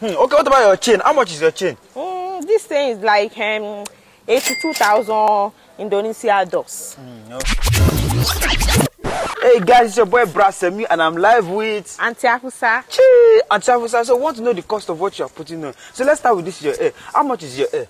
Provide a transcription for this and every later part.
Hmm, okay, what about your chain? How much is your chain? Mm, this thing is like um, 82,000 Indonesia dollars. Hmm, hey guys, it's your boy Brasemi and I'm live with Auntie Afusa. Chee, Auntie Afusa, so I want to know the cost of what you are putting on. So let's start with this your hair. How much is your hair?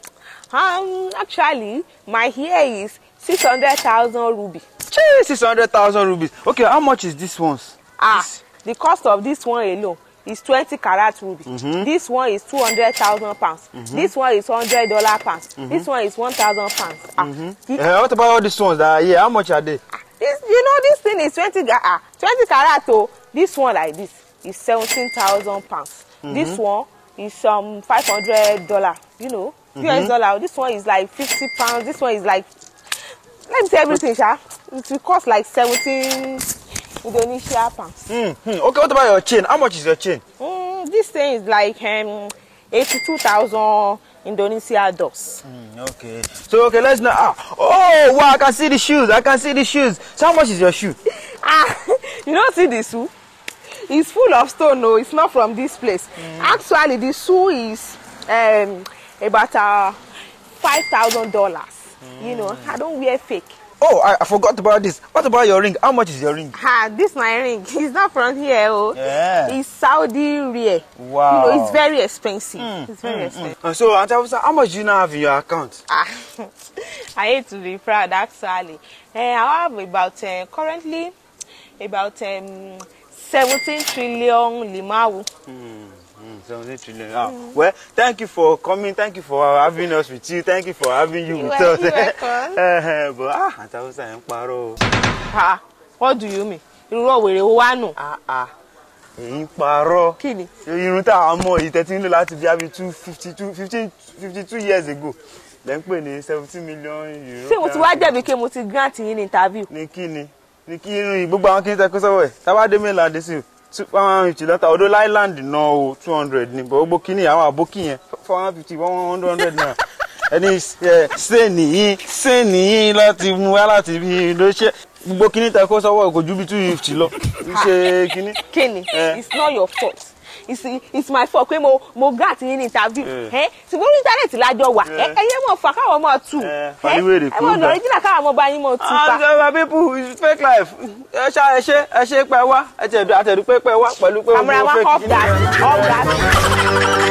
Um, actually, my hair is 600,000 ruby. Chee, 600,000 rubies. Okay, how much is this one? Ah, this? the cost of this one alone is twenty carat ruby mm -hmm. this one is two hundred thousand pounds mm -hmm. this one is hundred dollar pounds mm -hmm. this one is one thousand pounds. Uh, what about all these ones that are how much are they. Ah, this, you know this thing is twenty uh, twenty carat o oh. this one like this is seventeen thousand pounds mhm. this one is some um, five hundred dollar you know mhm. US dollar this one is like fifty pounds this one is like let me tell everything sha it will cost like seventeen. 17 Indonesia pounds. Mm, mm. Okay, what about your chain? How much is your chain? Mm, this thing is like um, 82,000 Indonesia dollars. Mm, okay. So, okay, let's now. Ah, oh, wow, I can see the shoes. I can see the shoes. So, how much is your shoe? ah, you don't see the shoe? It's full of stone, no, it's not from this place. Mm. Actually, the shoe is um, about uh, $5,000. Mm. You know, hmm. I don't wear fake. Oh, I, I forgot about this. What about your ring? How much is your ring? Ha, this my ring. It's not from here, oh. Yeah. It's Saudi riyal. Wow. You know, it's very expensive. Mm. It's very mm, expensive. Mm. So, Auntie Abusa, how much do you now have in your account? Ah, I hate to be proud, actually. Uh, I have about, uh, currently, about um, trillion limawu. Mm. 178 trillion. Mm. Well, thank you for coming. Thank you for having us with you. Thank you for having you, you with us. You welcome. Eh, eh, but ah, Aunt Hausa ń parọ́. Ha! What do you mean? Irú òwèrè wo wá nù? Ah ah èyí Kini. You know that I'm more tẹ́tí nílò láti bí abi two fifty two fifteen fifty two years ago Then ń pè ní seventeen million euro. ṣé mo ti wá jẹ̀bi pé mo ti interview. ní kí you ní kí irun yìí gbogbo àwọn kí n tẹ́kọ́ sọ́wọ́ ẹ̀ tábàdé mélòó One hundred fifty lọ́tà odò island náà o two hundred ni gbogbo kínní àwọn àbókì yẹn four hundred fifty one hundred naira ẹni ṣe nìyí ṣe nìyí láti mú wá láti bí ló ṣe gbogbo kínní tẹ kó sọ́wọ́ kò ju bí two fifty lọ ṣe kínní. kínní it's not your fault it's, it's my fault pé mo mo gá àti yín ní interview ẹ eh. eh? ṣùgbọ́n orí internet lájọ wà ẹ eh. ẹyẹ mọ̀ fà káwọn mo tù ẹ ẹ mo lọ́rí jìnnà káwọn mo bá yín mọ̀ tù pa. Ah, àjọba people is fake life ẹ ṣá ẹ ṣe ẹ ṣe pẹ wá ẹ tẹ̀dú àtẹ̀dú pé pẹ wá pẹ̀lú pé ó mú fake. àmúra wa off that off that.